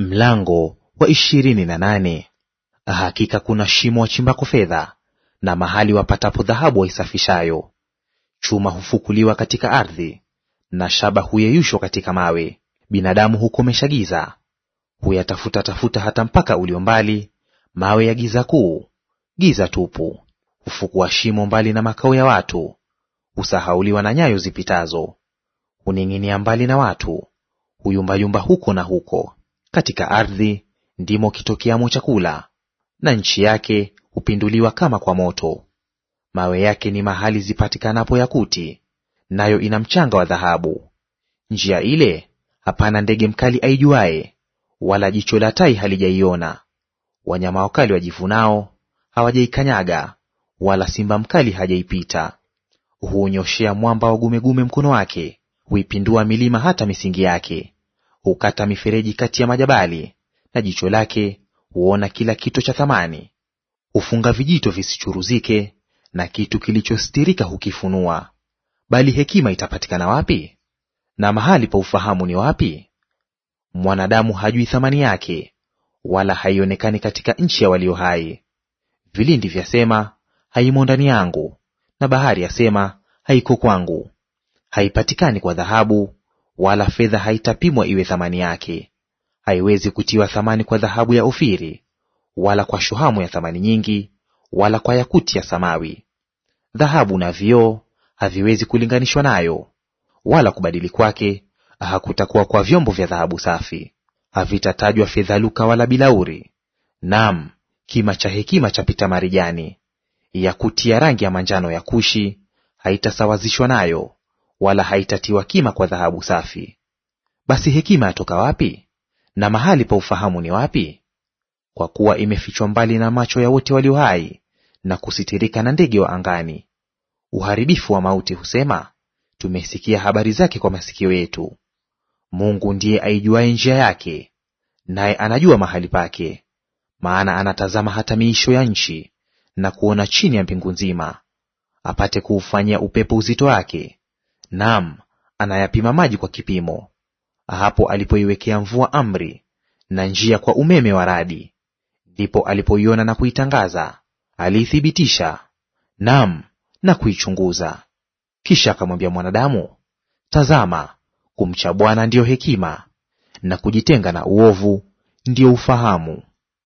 Mlango wa ishirini na nane. Hakika kuna shimo wachimbako fedha na mahali wapatapo dhahabu waisafishayo. Chuma hufukuliwa katika ardhi na shaba huyeyushwa katika mawe. Binadamu hukomesha giza, huyatafuta tafuta hata mpaka ulio mbali, mawe ya giza kuu, giza tupu. Hufukua shimo mbali na makao ya watu, husahauliwa na nyayo zipitazo. Huning'inia mbali na watu, huyumbayumba huko na huko. Katika ardhi ndimo kitokeamo chakula, na nchi yake hupinduliwa kama kwa moto. Mawe yake ni mahali zipatikanapo yakuti, nayo ina mchanga wa dhahabu. Njia ile hapana ndege mkali aijuaye, wala jicho la tai halijaiona. Wanyama wakali wajivunao hawajaikanyaga, wala simba mkali hajaipita. Huunyoshea mwamba wa gumegume mkono wake, huipindua milima hata misingi yake hukata mifereji kati ya majabali, na jicho lake huona kila kito cha thamani. Hufunga vijito visichuruzike, na kitu kilichostirika hukifunua. Bali hekima itapatikana wapi? Na mahali pa ufahamu ni wapi? Mwanadamu hajui thamani yake, wala haionekani katika nchi ya walio hai. Vilindi vyasema, haimo ndani yangu, na bahari yasema, haiko kwangu. Haipatikani kwa dhahabu, wala fedha haitapimwa iwe thamani yake. Haiwezi kutiwa thamani kwa dhahabu ya Ofiri, wala kwa shuhamu ya thamani nyingi, wala kwa yakuti ya samawi. Dhahabu na vioo haviwezi kulinganishwa nayo, wala kubadili kwake hakutakuwa kwa vyombo vya dhahabu safi. Havitatajwa fedha luka wala bilauri, nam kima cha hekima cha pita marijani. Yakuti ya rangi ya manjano ya Kushi haitasawazishwa nayo, wala haitatiwa kima kwa dhahabu safi. Basi hekima yatoka wapi? Na mahali pa ufahamu ni wapi? Kwa kuwa imefichwa mbali na macho ya wote walio hai, na kusitirika na ndege wa angani. Uharibifu wa mauti husema, tumesikia habari zake kwa masikio yetu. Mungu ndiye aijuaye njia yake, naye anajua mahali pake. Maana anatazama hata miisho ya nchi na kuona chini ya mbingu nzima, apate kuufanyia upepo uzito wake, naam, anayapima maji kwa kipimo. Hapo alipoiwekea mvua amri, na njia kwa umeme wa radi, ndipo alipoiona na kuitangaza, aliithibitisha, naam, na kuichunguza. Kisha akamwambia mwanadamu, tazama, kumcha Bwana ndiyo hekima, na kujitenga na uovu ndiyo ufahamu.